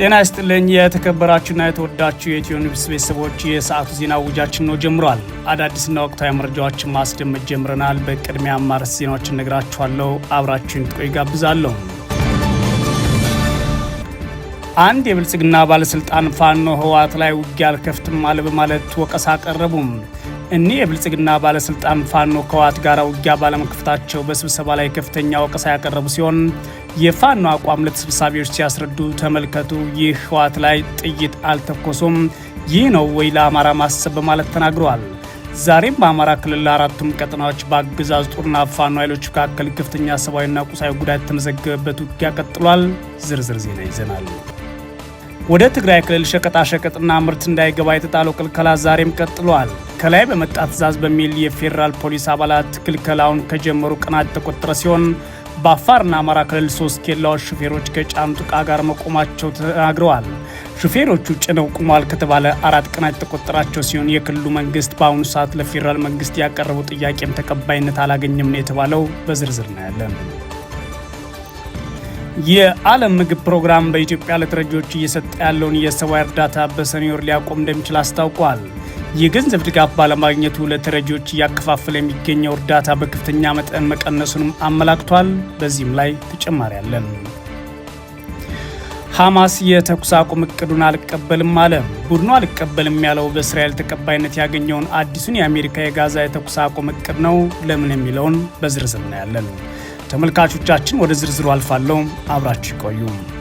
ጤና ይስጥልኝ የተከበራችሁና የተወዳችሁ የኢትዮ ኒውስ ቤተሰቦች፣ የሰዓቱ ዜና ውጃችን ነው ጀምሯል። አዳዲስና ወቅታዊ መረጃዎችን ማስደመጥ ጀምረናል። በቅድሚያ አማርስ ዜናዎችን እነግራችኋለሁ። አብራችሁን ጥቆይ ይጋብዛለሁ። አንድ የብልጽግና ባለሥልጣን ፋኖ ህወሓት ላይ ውጊያ አልከፍትም አለ በማለት ወቀሳ አቀረቡም። እኒህ የብልጽግና ባለስልጣን ፋኖ ከዋት ጋር ውጊያ ባለመክፈታቸው በስብሰባ ላይ ከፍተኛ ወቀሳ ያቀረቡ ሲሆን የፋኖ አቋም ለተሰብሳቢዎች ሲያስረዱ ተመልከቱ፣ ይህ ህዋት ላይ ጥይት አልተኮሱም፣ ይህ ነው ወይ ለአማራ ማሰብ በማለት ተናግረዋል። ዛሬም በአማራ ክልል አራቱም ቀጠናዎች በአገዛዝ ጦርና ፋኖ ኃይሎች መካከል ከፍተኛ ሰብአዊና ቁሳዊ ጉዳት የተመዘገበበት ውጊያ ቀጥሏል። ዝርዝር ዜና ይዘናል። ወደ ትግራይ ክልል ሸቀጣሸቀጥና ምርት እንዳይገባ የተጣለው ክልከላ ዛሬም ቀጥሏል። ከላይ በመጣ ትዕዛዝ በሚል የፌዴራል ፖሊስ አባላት ክልከላውን ከጀመሩ ቀናት ተቆጠረ ሲሆን በአፋርና አማራ ክልል ሶስት ኬላዎች ሹፌሮች ከጫኑት ዕቃ ጋር መቆማቸው ተናግረዋል። ሹፌሮቹ ጭነው ቁሟል ከተባለ አራት ቀናት የተቆጠራቸው ሲሆን የክልሉ መንግስት በአሁኑ ሰዓት ለፌዴራል መንግስት ያቀረበው ጥያቄም ተቀባይነት አላገኘም ነው የተባለው። በዝርዝር ነው ያለን። የዓለም ምግብ ፕሮግራም በኢትዮጵያ ለተረጂዎች እየሰጠ ያለውን የሰብአዊ እርዳታ በሰኒዮር ሊያቆም እንደሚችል አስታውቋል። የገንዘብ ድጋፍ ባለማግኘቱ ለተረጂዎች እያከፋፈለ የሚገኘው እርዳታ በከፍተኛ መጠን መቀነሱንም አመላክቷል። በዚህም ላይ ተጨማሪ አለን። ሐማስ የተኩስ አቁም እቅዱን አልቀበልም አለ። ቡድኑ አልቀበልም ያለው በእስራኤል ተቀባይነት ያገኘውን አዲሱን የአሜሪካ የጋዛ የተኩስ አቁም እቅድ ነው። ለምን የሚለውን በዝርዝር እናያለን። ተመልካቾቻችን ወደ ዝርዝሩ አልፋለሁ። አብራችሁ ይቆዩ።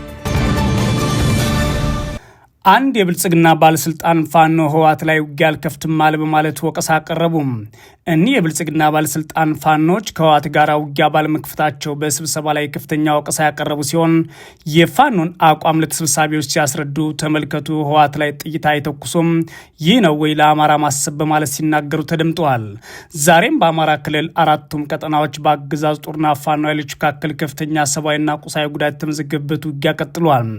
አንድ የብልጽግና ባለስልጣን ፋኖ ህወሓት ላይ ውጊያ አልከፍትም አለ በማለት ወቀሳ አቀረቡም። እኒህ የብልጽግና ባለስልጣን ፋኖች ከህወሓት ጋር ውጊያ ባለመክፈታቸው በስብሰባ ላይ ከፍተኛ ወቀሳ ያቀረቡ ሲሆን የፋኖን አቋም ለተሰብሳቢዎች ሲያስረዱ ተመልከቱ፣ ህወሓት ላይ ጥይት አይተኩሱም፣ ይህ ነው ወይ ለአማራ ማሰብ በማለት ሲናገሩ ተደምጠዋል። ዛሬም በአማራ ክልል አራቱም ቀጠናዎች በአገዛዝ ጦርና ፋኖ ኃይሎች መካከል ከፍተኛ ሰብአዊና ቁሳዊ ጉዳት የተመዘገበበት ውጊያ ቀጥሏል።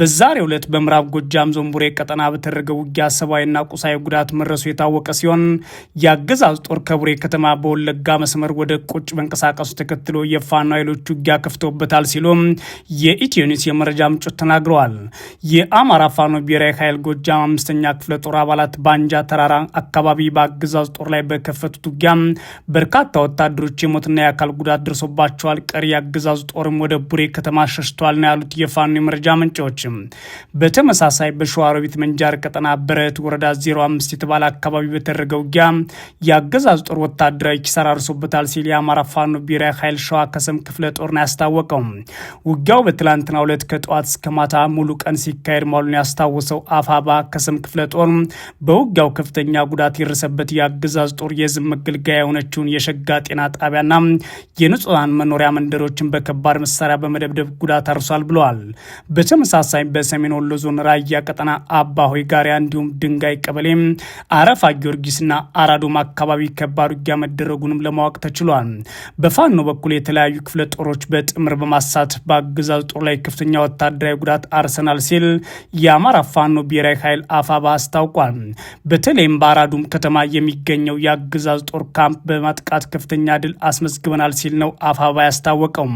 በዛሬው ዕለት በምዕራብ ጎጃም በጎጃም ዞን ቡሬ ቀጠና በተደረገ ውጊያ ሰብአዊና ቁሳዊ ጉዳት መድረሱ የታወቀ ሲሆን የአገዛዝ ጦር ከቡሬ ከተማ በወለጋ መስመር ወደ ቁጭ መንቀሳቀሱ ተከትሎ የፋኖ ኃይሎች ውጊያ ከፍተውበታል ሲሉም የኢትዮ ኒውስ የመረጃ ምንጮች ተናግረዋል። የአማራ ፋኖ ብሔራዊ ኃይል ጎጃም አምስተኛ ክፍለ ጦር አባላት ባንጃ ተራራ አካባቢ በአገዛዝ ጦር ላይ በከፈቱት ውጊያ በርካታ ወታደሮች የሞትና የአካል ጉዳት ደርሶባቸዋል። ቀሪ የአገዛዝ ጦርም ወደ ቡሬ ከተማ ሸሽተዋል ነው ያሉት የፋኖ የመረጃ ምንጮች። በተመሳሳይ በሸዋሮቢት መንጃር ቀጠና ብረት ወረዳ 05 የተባለ አካባቢ በተደረገ ውጊያ የአገዛዝ ጦር ወታደራዊ ኪሳራ አርሶበታል ሲል የአማራ ፋኖ ብሔራዊ ኃይል ሸዋ ከሰም ክፍለ ጦርን ያስታወቀው። ውጊያው በትላንትና ሁለት ከጠዋት እስከ ማታ ሙሉ ቀን ሲካሄድ ማሉን ያስታወሰው አፋባ ከሰም ክፍለ ጦር በውጊያው ከፍተኛ ጉዳት የደረሰበት የአገዛዝ ጦር የዝም መገልገያ የሆነችውን የሸጋ ጤና ጣቢያና የንጹሐን መኖሪያ መንደሮችን በከባድ መሳሪያ በመደብደብ ጉዳት አርሷል ብለዋል። በተመሳሳይ በሰሜን ወሎ ዞን ራያ የራያ ቀጠና አባሆይ ጋሪያ እንዲሁም ድንጋይ ቀበሌ አረፋ ጊዮርጊስና አራዶም አካባቢ ከባድ ውጊያ መደረጉንም ለማወቅ ተችሏል። በፋኖ በኩል የተለያዩ ክፍለ ጦሮች በጥምር በማሳት በአገዛዝ ጦር ላይ ከፍተኛ ወታደራዊ ጉዳት አርሰናል ሲል የአማራ ፋኖ ብሔራዊ ኃይል አፋባ አስታውቋል። በተለይም በአራዱም ከተማ የሚገኘው የአገዛዝ ጦር ካምፕ በማጥቃት ከፍተኛ ድል አስመዝግበናል ሲል ነው አፋባ ያስታወቀው።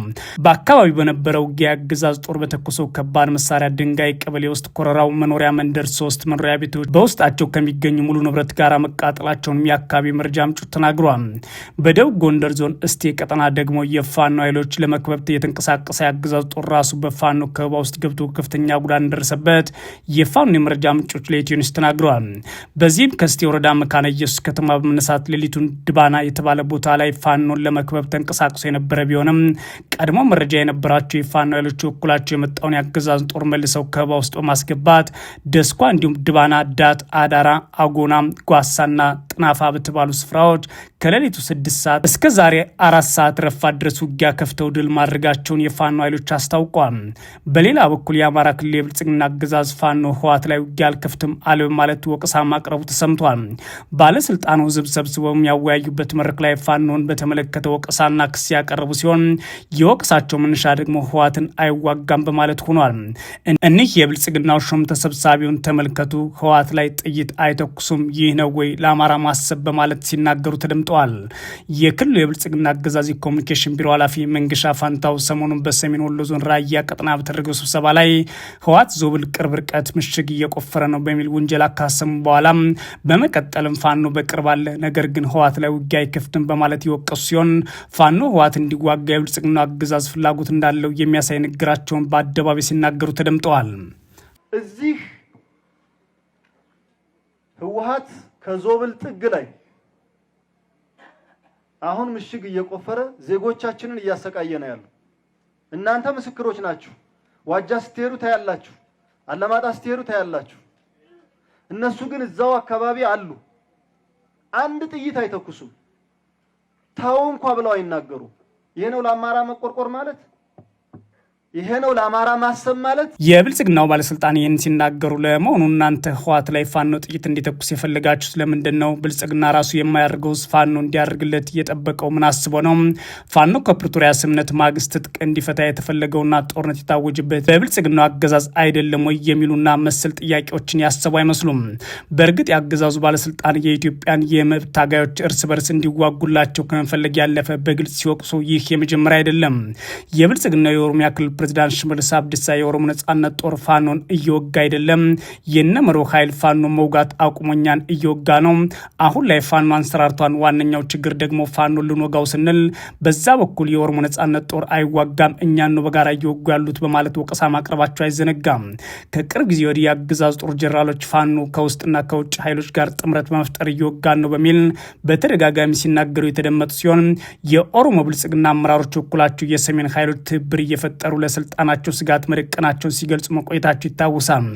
በአካባቢው በነበረው ውጊያ የአገዛዝ ጦር በተኮሰው ከባድ መሳሪያ ድንጋይ ቀበሌ ውስጥ ኮረራው መኖሪያ መንደር ሶስት መኖሪያ ቤቶች በውስጣቸው ከሚገኙ ሙሉ ንብረት ጋር መቃጠላቸውን የአካባቢ መረጃ ምንጮች ተናግሯል። በደቡብ ጎንደር ዞን እስቴ ቀጠና ደግሞ የፋኖ ኃይሎች ለመክበብት የተንቀሳቀሰ ያገዛዙ ጦር ራሱ በፋኖ ከበባ ውስጥ ገብቶ ከፍተኛ ጉዳት እንደደረሰበት የፋኖ የመረጃ ምንጮች ለኢትዮ ኒውስ ተናግረዋል። በዚህም ከስቴ ወረዳ መካነ ኢየሱስ ከተማ በመነሳት ሌሊቱን ድባና የተባለ ቦታ ላይ ፋኖን ለመክበብ ተንቀሳቅሶ የነበረ ቢሆንም ቀድሞ መረጃ የነበራቸው የፋኖ ኃይሎች በኩላቸው የመጣውን የአገዛዙን ጦር መልሰው ከበባ ውስጥ በማስገባት በመግባት ደስኳ እንዲሁም ድባና ዳት አዳራ አጎናም ጓሳና ጥናፋ በተባሉ ስፍራዎች ከሌሊቱ ስድስት ሰዓት እስከ ዛሬ አራት ሰዓት ረፋ ድረስ ውጊያ ከፍተው ድል ማድረጋቸውን የፋኖ ኃይሎች አስታውቋል። በሌላ በኩል የአማራ ክልል የብልጽግና አገዛዝ ፋኖ ህዋት ላይ ውጊያ አልከፍትም አለ በማለት ወቀሳ ማቅረቡ ተሰምቷል። ባለስልጣኑ ህዝብ ሰብስበው የሚያወያዩበት መድረክ ላይ ፋኖን በተመለከተ ወቀሳና ክስ ያቀረቡ ሲሆን የወቀሳቸው መነሻ ደግሞ ህዋትን አይዋጋም በማለት ሆኗል። እኒህ የብልጽግናው ሹም ተሰብሳቢውን ተመልከቱ፣ ህዋት ላይ ጥይት አይተኩሱም፣ ይህ ነው ወይ ለአማራ ማሰብ በማለት ሲናገሩ ተደምጧል። ተደምጠዋል። የክልሉ የብልጽግና አገዛዝ ኮሚኒኬሽን ቢሮ ኃላፊ መንገሻ ፋንታው ሰሞኑን በሰሜን ወሎ ዞን ራያ ቀጠና በተደረገው ስብሰባ ላይ ህወሓት ዞብል ቅርብ ርቀት ምሽግ እየቆፈረ ነው በሚል ውንጀላ ካሰሙ በኋላም በመቀጠልም ፋኖ በቅርብ አለ፣ ነገር ግን ህወሓት ላይ ውጊያ አይከፍትም በማለት የወቀሱ ሲሆን ፋኖ ህወሓት እንዲዋጋ የብልጽግና አገዛዝ ፍላጎት እንዳለው የሚያሳይ ንግግራቸውን በአደባባይ ሲናገሩ ተደምጠዋል። እዚህ ህወሓት ከዞብል ጥግ ላይ አሁን ምሽግ እየቆፈረ ዜጎቻችንን እያሰቃየ ነው ያለው። እናንተ ምስክሮች ናችሁ። ዋጃ ስትሄዱ ታያላችሁ፣ አለማጣ ስትሄዱ ታያላችሁ። እነሱ ግን እዛው አካባቢ አሉ። አንድ ጥይት አይተኩሱም። ተው እንኳ ብለው አይናገሩ። ይሄ ነው ለአማራ መቆርቆር ማለት። ይሄ ነው ለአማራ ማሰብ ማለት። የብልጽግናው ባለስልጣን ይህን ሲናገሩ ለመሆኑ እናንተ ህወሓት ላይ ፋኖ ጥይት እንዲተኩስ የፈለጋችሁት ለምንድን ነው? ብልጽግና ራሱ የማያደርገው ፋኖ እንዲያደርግለት እየጠበቀው ምን አስቦ ነው? ፋኖ ከፕሪቶሪያ ስምነት ማግስት ትጥቅ እንዲፈታ የተፈለገውና ጦርነት የታወጅበት በብልጽግናው አገዛዝ አይደለም ወይ የሚሉና መሰል ጥያቄዎችን ያሰቡ አይመስሉም። በእርግጥ የአገዛዙ ባለስልጣን የኢትዮጵያን የመብት ታጋዮች እርስ በርስ እንዲዋጉላቸው ከመፈለግ ያለፈ በግልጽ ሲወቅሱ ይህ የመጀመሪያ አይደለም። የብልጽግናው የኦሮሚያ ክልል ፕሬዚዳንት ሽመልስ አብዲሳ የኦሮሞ ነጻነት ጦር ፋኖን እየወጋ አይደለም፣ መሮ ኃይል ፋኖ መውጋት አቁሞኛን እየወጋ ነው። አሁን ላይ ፋኖ አንሰራርቷን፣ ዋነኛው ችግር ደግሞ ፋኖ ልንወጋው ስንል በዛ በኩል የኦሮሞ ነጻነት ጦር አይዋጋም፣ እኛን ነው በጋራ እየወጉ ያሉት በማለት ወቀሳ ማቅረባቸው አይዘነጋም። ከቅርብ ጊዜ ወዲህ የአገዛዙ ጦር ጀኔራሎች ፋኖ ከውስጥና ከውጭ ኃይሎች ጋር ጥምረት በመፍጠር እየወጋን ነው በሚል በተደጋጋሚ ሲናገሩ የተደመጡ ሲሆን የኦሮሞ ብልጽግና አመራሮች በኩላቸው የሰሜን ኃይሎች ትብብር እየፈጠሩ ለስልጣናቸው ስጋት መደቀናቸውን ሲገልጹ መቆየታቸው ይታወሳል።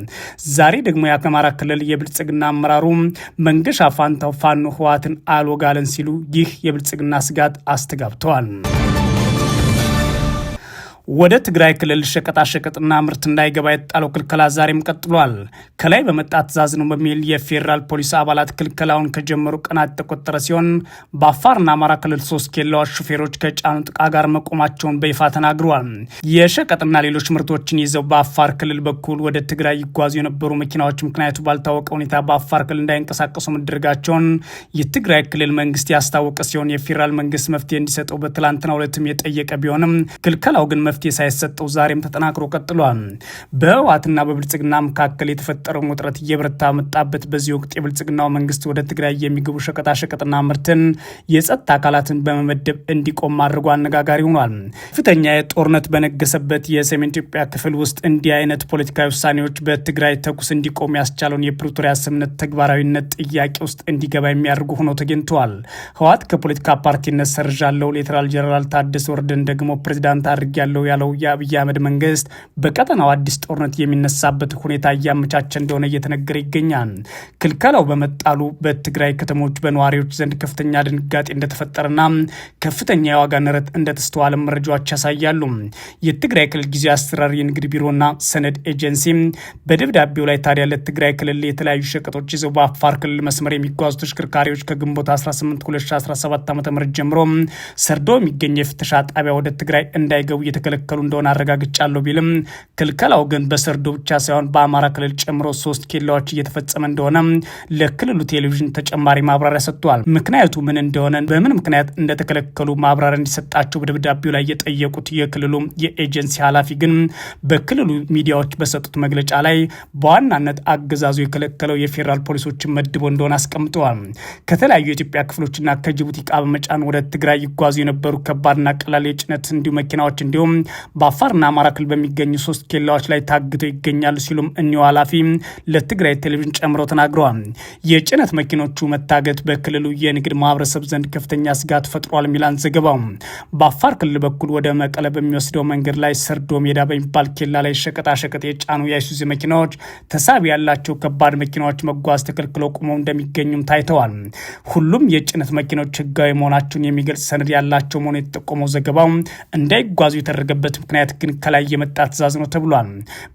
ዛሬ ደግሞ የአማራ ክልል የብልጽግና አመራሩ መንገሻ ፋንታው ፋኖ ህወሓትን አልወጋለን ሲሉ ይህ የብልጽግና ስጋት አስተጋብተዋል። ወደ ትግራይ ክልል ሸቀጣሸቀጥና ምርት እንዳይገባ የተጣለው ክልከላ ዛሬም ቀጥሏል። ከላይ በመጣ ትዛዝ ነው በሚል የፌዴራል ፖሊስ አባላት ክልከላውን ከጀመሩ ቀናት የተቆጠረ ሲሆን በአፋርና አማራ ክልል ሶስት ኬላዎች ሹፌሮች ከጫኑ ጥቃ ጋር መቆማቸውን በይፋ ተናግረዋል። የሸቀጥና ሌሎች ምርቶችን ይዘው በአፋር ክልል በኩል ወደ ትግራይ ይጓዙ የነበሩ መኪናዎች ምክንያቱ ባልታወቀ ሁኔታ በአፋር ክልል እንዳይንቀሳቀሱ መደረጋቸውን የትግራይ ክልል መንግስት ያስታወቀ ሲሆን የፌዴራል መንግስት መፍትሄ እንዲሰጠው በትላንትና ሁለትም የጠየቀ ቢሆንም ክልከላው ግን መፍትሄ ሳይሰጠው ዛሬም ተጠናክሮ ቀጥሏል። በህወሓትና በብልጽግና መካከል የተፈጠረውን ውጥረት እየበረታ መጣበት በዚህ ወቅት የብልጽግናው መንግስት ወደ ትግራይ የሚገቡ ሸቀጣሸቀጥና ምርትን የጸጥታ አካላትን በመመደብ እንዲቆም ማድረጉ አነጋጋሪ ሆኗል። ከፍተኛ የጦርነት በነገሰበት የሰሜን ኢትዮጵያ ክፍል ውስጥ እንዲህ አይነት ፖለቲካዊ ውሳኔዎች በትግራይ ተኩስ እንዲቆም ያስቻለውን የፕሪቶሪያ ስምምነት ተግባራዊነት ጥያቄ ውስጥ እንዲገባ የሚያደርጉ ሆኖ ተገኝተዋል። ህወሓት ከፖለቲካ ፓርቲነት ሰርዣለሁ፣ ሌተናል ጀነራል ታደሰ ወረደን ደግሞ ፕሬዚዳንት አድርጌያለሁ ያለው የአብይ አህመድ መንግስት በቀጠናው አዲስ ጦርነት የሚነሳበት ሁኔታ እያመቻቸ እንደሆነ እየተነገረ ይገኛል። ክልከላው በመጣሉ በትግራይ ከተሞች በነዋሪዎች ዘንድ ከፍተኛ ድንጋጤ እንደተፈጠረና ከፍተኛ የዋጋ ንረት እንደተስተዋለ መረጃዎች ያሳያሉ። የትግራይ ክልል ጊዜ አስተዳደር የንግድ ቢሮና ሰነድ ኤጀንሲ በደብዳቤው ላይ ታዲያ ለትግራይ ክልል የተለያዩ ሸቀጦች ይዘው በአፋር ክልል መስመር የሚጓዙ ተሽከርካሪዎች ከግንቦት 18 2017 ዓ ም ጀምሮ ሰርዶ የሚገኝ የፍተሻ ጣቢያ ወደ ትግራይ እንዳይገቡ እየተከለ እየከለከሉ እንደሆነ አረጋግጫለሁ ቢልም ክልከላው ግን በሰርዶ ብቻ ሳይሆን በአማራ ክልል ጨምሮ ሶስት ኬላዎች እየተፈጸመ እንደሆነ ለክልሉ ቴሌቪዥን ተጨማሪ ማብራሪያ ሰጥቷል። ምክንያቱ ምን እንደሆነ በምን ምክንያት እንደተከለከሉ ማብራሪያ እንዲሰጣቸው በደብዳቤው ላይ የጠየቁት የክልሉ የኤጀንሲ ኃላፊ ግን በክልሉ ሚዲያዎች በሰጡት መግለጫ ላይ በዋናነት አገዛዙ የከለከለው የፌዴራል ፖሊሶችን መድቦ እንደሆነ አስቀምጠዋል። ከተለያዩ የኢትዮጵያ ክፍሎችና ከጅቡቲ ዕቃ በመጫን ወደ ትግራይ ይጓዙ የነበሩ ከባድና ቀላል የጭነት እንዲሁ መኪናዎች እንዲሁም በአፋርና አማራ ክልል በሚገኙ ሶስት ኬላዎች ላይ ታግተው ይገኛሉ ሲሉም እኒው ኃላፊ ለትግራይ ቴሌቪዥን ጨምሮ ተናግረዋል። የጭነት መኪኖቹ መታገት በክልሉ የንግድ ማህበረሰብ ዘንድ ከፍተኛ ስጋት ፈጥሯል ሚላን ዘገባው በአፋር ክልል በኩል ወደ መቀለ በሚወስደው መንገድ ላይ ሰርዶ ሜዳ በሚባል ኬላ ላይ ሸቀጣሸቀጥ የጫኑ የአይሱዚ መኪናዎች፣ ተሳቢ ያላቸው ከባድ መኪናዎች መጓዝ ተከልክለው ቆመው እንደሚገኙም ታይተዋል። ሁሉም የጭነት መኪናዎች ህጋዊ መሆናቸውን የሚገልጽ ሰነድ ያላቸው መሆኑ የተጠቆመው ዘገባው እንዳይጓዙ የተደረገ ያልተደረገበት ምክንያት ግን ከላይ የመጣ ትእዛዝ ነው ተብሏል።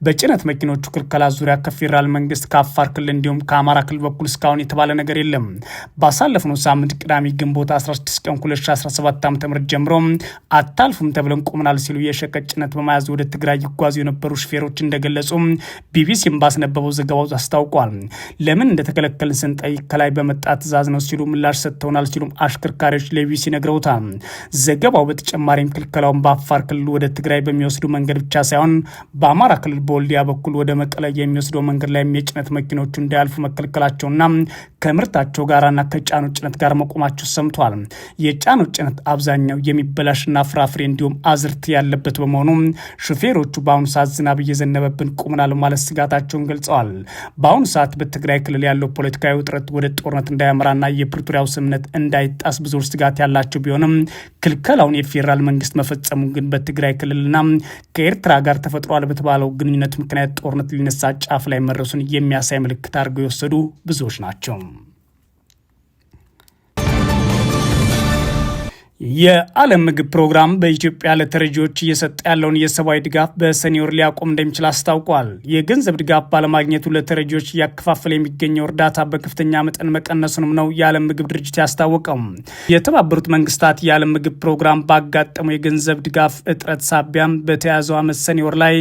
በጭነት መኪኖቹ ክልከላ ዙሪያ ከፌዴራል መንግስት፣ ከአፋር ክልል እንዲሁም ከአማራ ክልል በኩል እስካሁን የተባለ ነገር የለም። ባሳለፍነው ሳምንት ቅዳሜ ግንቦት 16 ቀን 2017 ዓ ም ጀምሮ አታልፉም ተብለን ቆምናል ሲሉ የሸቀጥ ጭነት በመያዝ ወደ ትግራይ ይጓዙ የነበሩ ሹፌሮች እንደገለጹ ቢቢሲም ባስነበበው ዘገባው አስታውቋል። ለምን እንደተከለከልን ስንጠይቅ ከላይ በመጣ ትእዛዝ ነው ሲሉ ምላሽ ሰጥተውናል ሲሉም አሽከርካሪዎች ለቢቢሲ ነግረውታል። ዘገባው በተጨማሪም ክልከላውን በአፋር ክልል ወደ ትግራይ በሚወስዱ መንገድ ብቻ ሳይሆን በአማራ ክልል በወልዲያ በኩል ወደ መቀለ የሚወስደው መንገድ ላይ የጭነት መኪኖቹ እንዳያልፉ መከልከላቸውና ከምርታቸው ጋርና ከጫኖ ጭነት ጋር መቆማቸው ሰምተዋል። የጫኖ ጭነት አብዛኛው የሚበላሽና ፍራፍሬ እንዲሁም አዝርት ያለበት በመሆኑ ሹፌሮቹ በአሁኑ ሰዓት ዝናብ እየዘነበብን ቁምናል ማለት ስጋታቸውን ገልጸዋል። በአሁኑ ሰዓት በትግራይ ክልል ያለው ፖለቲካዊ ውጥረት ወደ ጦርነት እንዳያመራና የፕሪቶሪያው ስምምነት እንዳይጣስ ብዙዎች ስጋት ያላቸው ቢሆንም ክልከላውን የፌዴራል መንግስት መፈጸሙ ግን በትግራይ ከትግራይ ክልልና ከኤርትራ ጋር ተፈጥሯል በተባለው ግንኙነት ምክንያት ጦርነት ሊነሳ ጫፍ ላይ መድረሱን የሚያሳይ ምልክት አድርገው የወሰዱ ብዙዎች ናቸው። የዓለም ምግብ ፕሮግራም በኢትዮጵያ ለተረጂዎች እየሰጠ ያለውን የሰብአዊ ድጋፍ በሰኔ ወር ሊያቆም እንደሚችል አስታውቋል። የገንዘብ ድጋፍ ባለማግኘቱ ለተረጂዎች እያከፋፈለ የሚገኘው እርዳታ በከፍተኛ መጠን መቀነሱንም ነው የዓለም ምግብ ድርጅት ያስታወቀው። የተባበሩት መንግስታት የዓለም ምግብ ፕሮግራም ባጋጠመው የገንዘብ ድጋፍ እጥረት ሳቢያም በተያዘው ዓመት ሰኔ ወር ላይ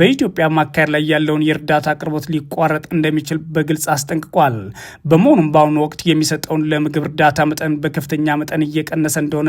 በኢትዮጵያ ማካሄድ ላይ ያለውን የእርዳታ አቅርቦት ሊቋረጥ እንደሚችል በግልጽ አስጠንቅቋል። በመሆኑም በአሁኑ ወቅት የሚሰጠውን ለምግብ እርዳታ መጠን በከፍተኛ መጠን እየቀነሰ እንደሆነ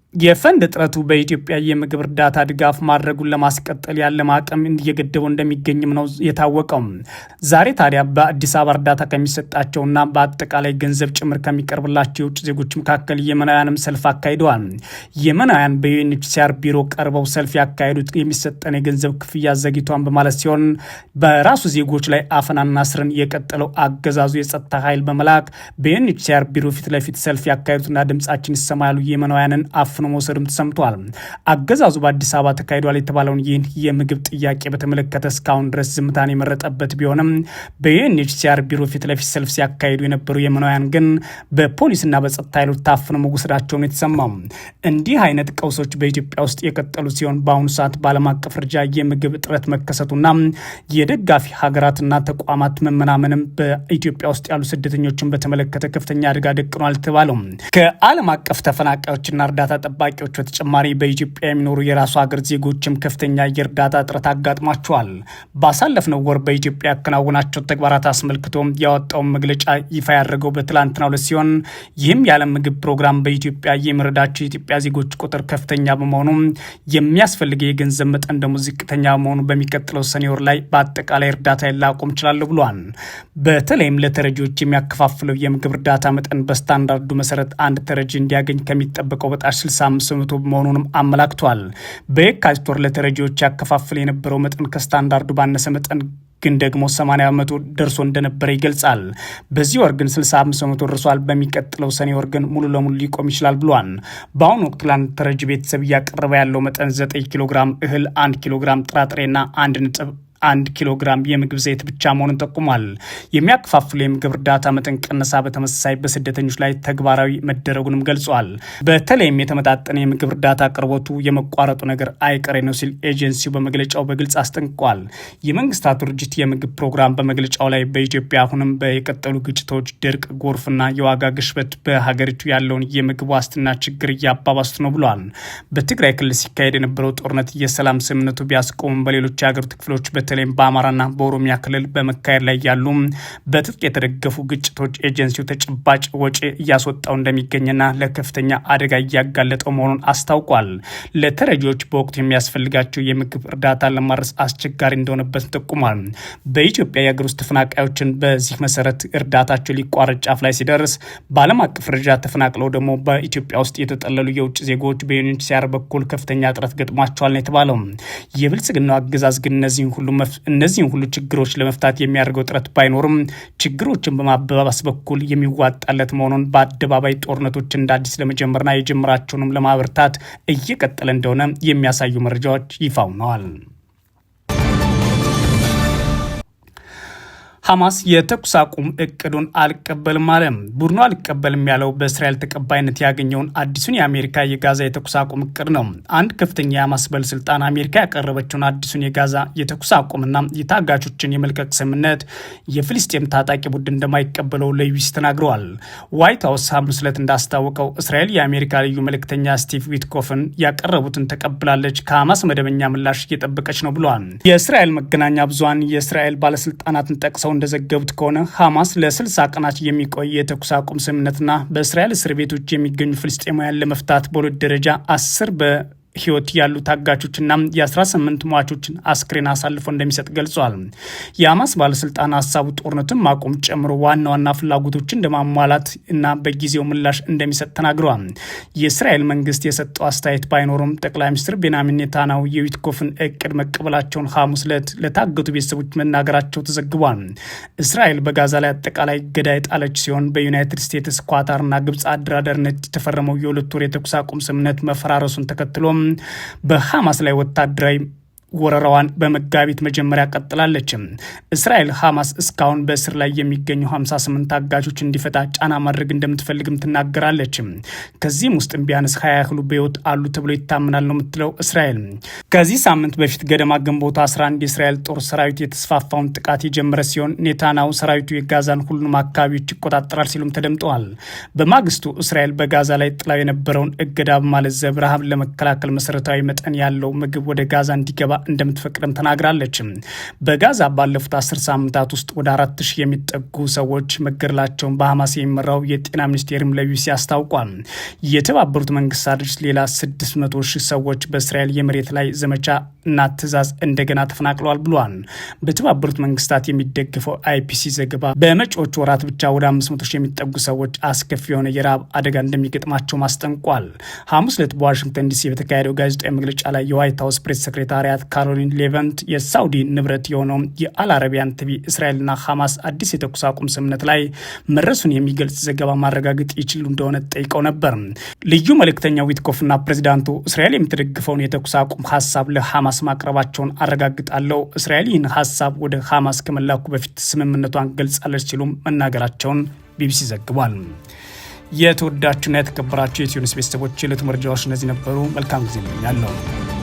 የፈንድ እጥረቱ በኢትዮጵያ የምግብ እርዳታ ድጋፍ ማድረጉን ለማስቀጠል ያለም አቅም እየገደበው እንደሚገኝም ነው የታወቀው። ዛሬ ታዲያ በአዲስ አበባ እርዳታ ከሚሰጣቸውና በአጠቃላይ ገንዘብ ጭምር ከሚቀርብላቸው የውጭ ዜጎች መካከል የመናውያንም ሰልፍ አካሂደዋል። የመናውያን በዩኤንኤችሲአር ቢሮ ቀርበው ሰልፍ ያካሄዱት የሚሰጠን የገንዘብ ክፍያ ዘግይቷን በማለት ሲሆን በራሱ ዜጎች ላይ አፈናና ስርን የቀጠለው አገዛዙ የጸጥታ ኃይል በመላክ በዩኤንኤችሲአር ቢሮ ፊት ለፊት ሰልፍ ያካሄዱትና ድምጻችን ይሰማ ያሉ የመናውያንን አፍ አፍኖ መውሰድም ተሰምቷል። አገዛዙ በአዲስ አበባ ተካሂዷል የተባለውን ይህን የምግብ ጥያቄ በተመለከተ እስካሁን ድረስ ዝምታን የመረጠበት ቢሆንም በዩኤንኤችሲአር ቢሮ ፊት ለፊት ሰልፍ ሲያካሂዱ የነበሩ የመናውያን ግን በፖሊስና በጸጥታ ኃይሎች ታፍኖ መወሰዳቸውን የተሰማው እንዲህ አይነት ቀውሶች በኢትዮጵያ ውስጥ የቀጠሉ ሲሆን በአሁኑ ሰዓት በዓለም አቀፍ እርጃ የምግብ እጥረት መከሰቱና የደጋፊ ሀገራትና ተቋማት መመናመንም በኢትዮጵያ ውስጥ ያሉ ስደተኞችን በተመለከተ ከፍተኛ አደጋ ደቅኗል ተባለው ከዓለም አቀፍ ተፈናቃዮችና እርዳታ ጠባቂዎች በተጨማሪ በኢትዮጵያ የሚኖሩ የራሱ ሀገር ዜጎችም ከፍተኛ የእርዳታ እጥረት አጋጥሟቸዋል። ባሳለፍነው ወር በኢትዮጵያ ያከናውናቸው ተግባራት አስመልክቶ ያወጣውን መግለጫ ይፋ ያደረገው በትላንትናው ዕለት ሲሆን ይህም የዓለም ምግብ ፕሮግራም በኢትዮጵያ የሚረዳቸው የኢትዮጵያ ዜጎች ቁጥር ከፍተኛ በመሆኑ የሚያስፈልገው የገንዘብ መጠን ደግሞ ዝቅተኛ መሆኑ በሚቀጥለው ሰኔ ወር ላይ በአጠቃላይ እርዳታ ላቆም ይችላለሁ ብሏል። በተለይም ለተረጂዎች የሚያከፋፍለው የምግብ እርዳታ መጠን በስታንዳርዱ መሰረት አንድ ተረጂ እንዲያገኝ ከሚጠበቀው በታች 65 መቶ መሆኑንም አመላክቷል። በየካቲት ወር ለተረጂዎች ያከፋፍል የነበረው መጠን ከስታንዳርዱ ባነሰ መጠን ግን ደግሞ 80 በመቶ ደርሶ እንደነበረ ይገልጻል። በዚህ ወር ግን 65 በመቶ ደርሷል። በሚቀጥለው ሰኔ ወር ግን ሙሉ ለሙሉ ሊቆም ይችላል ብሏል። በአሁኑ ወቅት ለአንድ ተረጂ ቤተሰብ እያቀረበ ያለው መጠን 9 ኪሎ ግራም እህል፣ 1 ኪሎ ግራም ጥራጥሬና አንድ ነጥብ አንድ ኪሎ ግራም የምግብ ዘይት ብቻ መሆኑን ጠቁሟል። የሚያከፋፍሉ የምግብ እርዳታ መጠን ቀነሳ በተመሳሳይ በስደተኞች ላይ ተግባራዊ መደረጉንም ገልጿል። በተለይም የተመጣጠነ የምግብ እርዳታ አቅርቦቱ የመቋረጡ ነገር አይቀሬ ነው ሲል ኤጀንሲው በመግለጫው በግልጽ አስጠንቅቋል። የመንግስታቱ ድርጅት የምግብ ፕሮግራም በመግለጫው ላይ በኢትዮጵያ አሁንም የቀጠሉ ግጭቶች፣ ድርቅ፣ ጎርፍና የዋጋ ግሽበት በሀገሪቱ ያለውን የምግብ ዋስትና ችግር እያባባሱት ነው ብሏል። በትግራይ ክልል ሲካሄድ የነበረው ጦርነት የሰላም ስምምነቱ ቢያስቆምም በሌሎች የሀገሪቱ ክፍሎች በተለይም በአማራና በኦሮሚያ ክልል በመካሄድ ላይ ያሉ በትጥቅ የተደገፉ ግጭቶች ኤጀንሲው ተጨባጭ ወጪ እያስወጣው እንደሚገኝና ለከፍተኛ አደጋ እያጋለጠው መሆኑን አስታውቋል። ለተረጂዎች በወቅቱ የሚያስፈልጋቸው የምግብ እርዳታ ለማድረስ አስቸጋሪ እንደሆነበት ጠቁሟል። በኢትዮጵያ የአገር ውስጥ ተፈናቃዮችን በዚህ መሰረት እርዳታቸው ሊቋረጥ ጫፍ ላይ ሲደርስ በዓለም አቀፍ ደረጃ ተፈናቅለው ደግሞ በኢትዮጵያ ውስጥ የተጠለሉ የውጭ ዜጎች በዩኒሲያር በኩል ከፍተኛ እጥረት ገጥሟቸዋል ነው የተባለው። የብልጽግናው አገዛዝ ግን እነዚህን ሁሉም እነዚህን ሁሉ ችግሮች ለመፍታት የሚያደርገው ጥረት ባይኖርም ችግሮችን በማባባስ በኩል የሚዋጣለት መሆኑን በአደባባይ ጦርነቶች እንደ አዲስ ለመጀመርና የጀመራቸውንም ለማበርታት እየቀጠለ እንደሆነ የሚያሳዩ መረጃዎች ይፋ ሆነዋል። ሐማስ የተኩስ አቁም እቅዱን አልቀበልም አለ። ቡድኑ አልቀበልም ያለው በእስራኤል ተቀባይነት ያገኘውን አዲሱን የአሜሪካ የጋዛ የተኩስ አቁም እቅድ ነው። አንድ ከፍተኛ የሐማስ ባለስልጣን አሜሪካ ያቀረበችውን አዲሱን የጋዛ የተኩስ አቁምና የታጋቾችን የመልቀቅ ስምምነት የፍልስጤም ታጣቂ ቡድን እንደማይቀበለው ለዩስ ተናግረዋል። ዋይት ሀውስ ሐሙስ ዕለት እንዳስታወቀው እስራኤል የአሜሪካ ልዩ መልእክተኛ ስቲቭ ዊትኮፍን ያቀረቡትን ተቀብላለች፣ ከሐማስ መደበኛ ምላሽ እየጠበቀች ነው ብለዋል። የእስራኤል መገናኛ ብዙሃን የእስራኤል ባለስልጣናትን ጠቅሰው አውጥተው እንደዘገቡት ከሆነ ሐማስ ለ60 ቀናት የሚቆይ የተኩስ አቁም ስምምነትና በእስራኤል እስር ቤቶች የሚገኙ ፍልስጤማውያን ለመፍታት በሁለት ደረጃ አስር በ ህይወት ያሉ ታጋቾችና የ18 ሟቾችን አስክሬን አሳልፎ እንደሚሰጥ ገልጿል። የሐማስ ባለስልጣን ሀሳቡ ጦርነትን ማቆም ጨምሮ ዋና ዋና ፍላጎቶችን እንደማሟላት እና በጊዜው ምላሽ እንደሚሰጥ ተናግረዋል። የእስራኤል መንግስት የሰጠው አስተያየት ባይኖርም ጠቅላይ ሚኒስትር ቤንያሚን ኔታናው የዊትኮፍን እቅድ መቀበላቸውን ሐሙስ ዕለት ለታገቱ ቤተሰቦች መናገራቸው ተዘግቧል። እስራኤል በጋዛ ላይ አጠቃላይ ገዳ የጣለች ሲሆን በዩናይትድ ስቴትስ ኳታርና ግብፅ አደራደርነት የተፈረመው የሁለት ወር የተኩስ አቁም ስምምነት መፈራረሱን ተከትሎም በሐማስ ላይ ወታደራዊ ወረራዋን በመጋቢት መጀመሪያ ቀጥላለች። እስራኤል ሐማስ እስካሁን በእስር ላይ የሚገኙ 58 አጋቾች እንዲፈታ ጫና ማድረግ እንደምትፈልግም ትናገራለች። ከዚህም ውስጥም ቢያንስ ሀያ ያህሉ በህይወት አሉ ተብሎ ይታመናል ነው የምትለው እስራኤል። ከዚህ ሳምንት በፊት ገደማ ግንቦት 11 የእስራኤል ጦር ሰራዊት የተስፋፋውን ጥቃት የጀመረ ሲሆን ኔታናው ሰራዊቱ የጋዛን ሁሉንም አካባቢዎች ይቆጣጠራል ሲሉም ተደምጠዋል። በማግስቱ እስራኤል በጋዛ ላይ ጥላው የነበረውን እገዳ በማለዘብ ረሃብን ለመከላከል መሰረታዊ መጠን ያለው ምግብ ወደ ጋዛ እንዲገባ እንደምትፈቅድም ተናግራለች። በጋዛ ባለፉት አስር ሳምንታት ውስጥ ወደ አራት ሺህ የሚጠጉ ሰዎች መገደላቸውን በሐማስ የሚመራው የጤና ሚኒስቴርም ለቢቢሲ አስታውቋል። የተባበሩት መንግስታት ድርጅት ሌላ ስድስት መቶ ሺህ ሰዎች በእስራኤል የመሬት ላይ ዘመቻ እና ትዕዛዝ እንደገና ተፈናቅለዋል ብሏል። በተባበሩት መንግስታት የሚደግፈው አይፒሲ ዘገባ በመጪዎቹ ወራት ብቻ ወደ አምስት መቶ ሺህ የሚጠጉ ሰዎች አስከፊ የሆነ የረሃብ አደጋ እንደሚገጥማቸው ማስጠንቋል። ሐሙስ ዕለት በዋሽንግተን ዲሲ በተካሄደው ጋዜጣዊ መግለጫ ላይ የዋይት ሀውስ ፕሬስ ሴክሬታሪያት ካሮሊን ሌቨንት የሳውዲ ንብረት የሆነው የአልአረቢያን ቲቪ እስራኤልና ሐማስ አዲስ የተኩስ አቁም ስምምነት ላይ መድረሱን የሚገልጽ ዘገባ ማረጋገጥ ይችሉ እንደሆነ ጠይቀው ነበር። ልዩ መልእክተኛው ዊትኮፍና ፕሬዚዳንቱ እስራኤል የምትደግፈውን የተኩስ አቁም ሀሳብ ለሐማስ ማቅረባቸውን አረጋግጣለሁ፣ እስራኤል ይህን ሀሳብ ወደ ሐማስ ከመላኩ በፊት ስምምነቷን ገልጻለች ሲሉም መናገራቸውን ቢቢሲ ዘግቧል። የተወዳችሁና የተከበራችሁ የኢትዮ ኒውስ ቤተሰቦች የዕለቱ መረጃዎች እነዚህ ነበሩ። መልካም ጊዜ እመኛለሁ።